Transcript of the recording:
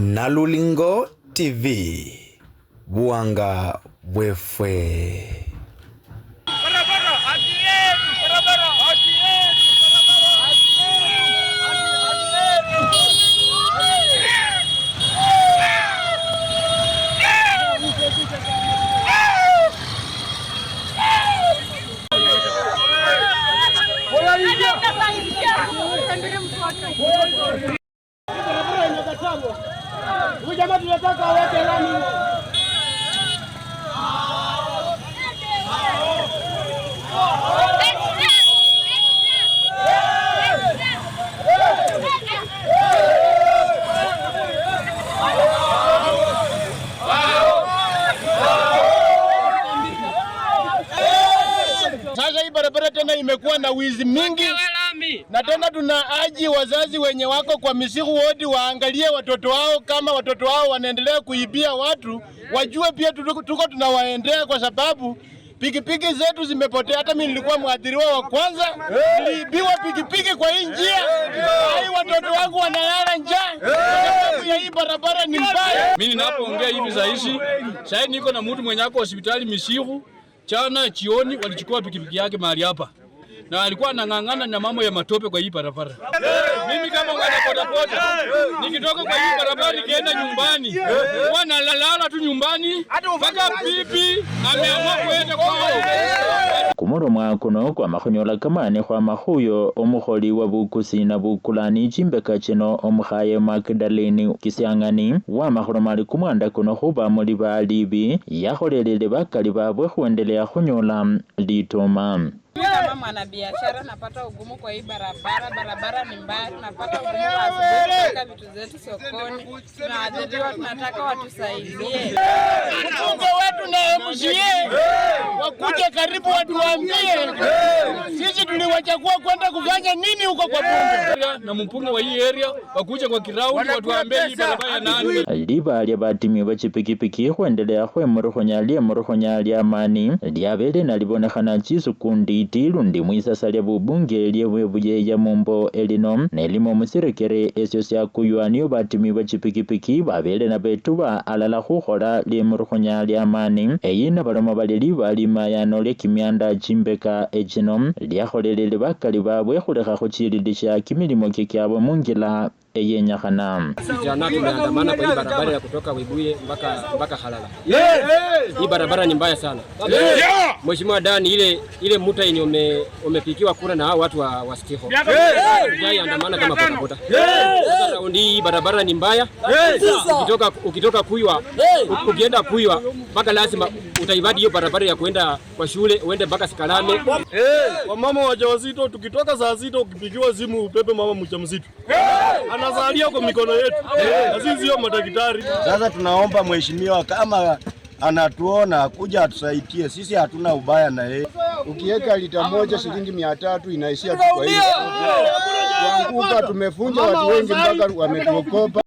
na Lulingo TV Buanga Bwefwe. Huyu jamaa tunataka aweke lami. Sasa hii barabara tena imekuwa na wizi mingi hii. Na tena tunaaji wazazi wenye wako kwa misiku wodi waangalie watoto wao, kama watoto wao wanaendelea kuibia watu, wajue pia tuko tunawaendea, kwa sababu pikipiki zetu zimepotea. Hata mimi nilikuwa mwathiriwa wa kwanza, niliibiwa pikipiki kwa hii njia. Hai, watoto wangu wanalala njaa ya hii barabara ni mbaya. Mimi ninapoongea hivi saizi, sasa niko na mtu mwenye ako hospitali misiku, chana chioni, walichukua pikipiki yake mahali hapa na alikuwa anang'ang'ana na mambo ya matope kwa hii barabara. Mimi kama mwana bodaboda nikitoka kwa hii barabara nikienda nyumbani huwa nalalala tu nyumbani mpaka pipi ameamua kwenda kwao kumurumwa kuno kwa kwaamakhunyola kamani kwa khuyo omukholi wa bukusi na bukulani chimbeka chino omukhaye magdalene kisiangani wamakhuloma ali kumwanda kuno khuba muli balibi yakholelele bakali babwe khuendelea khunyola lituma kama mwanabiashara napata ugumu kwa hii barabara, barabara ni mbaya, napata ugumu wa kuweka vitu zetu sokoni, tunaadhiriwa, tunataka watusaidie. Mbunge wetu na MCA wakuje karibu, watuambie sisi waliwachagua kwenda kufanya nini huko kwa bunge? Na mpunga wa hii area wakuja kwa kiraundi watuambie hii barabara ya nani. Liba lya batimi bache pikipiki khuendelea khwemorokhonya lyemorokhonya lya amani lyabele nalibonekhana chisukundi tilundi mwisasa lya bubunge ya mumbo elino nelimo musirekere esyo syakuywa niyo batimi bache pikipiki babele nabetuba alala khukhola lyemorokhonya lya amani eyi nabaloma bali liba limayano lya kimianda chimbeka echino lyakholele baloleleli bakali babwe khulekha khuchiyililisa kimilimo kye kyabwe mungila yenye hana. Jana tumeandamana kwa hii barabara ya kutoka Webuye mpaka mpaka Halala. Hii barabara ni mbaya sana. Mheshimiwa Dani, ile ile muta yenye ume, umepikiwa kura na hao watu wa wa Stiho. Andamana kama pota pota. Raundi hii barabara ni mbaya. Ukitoka ukitoka Kuywa, ukienda Kuiwa mpaka lazima utaivadi hiyo barabara ya kwenda kwa shule uende mpaka Sikalame. Wamama wajawazito tukitoka saa sita ukipigiwa simu upepe mama mjamzito wanazalia kwa mikono yetu eh. na sisi sio madaktari. Sasa tunaomba mheshimiwa, kama anatuona kuja atusaidie, sisi hatuna ubaya na yeye. Ukiweka lita moja shilingi mia tatu inaishia tu. Kwa hiyo tumefunja watu wengi mpaka wametuokopa.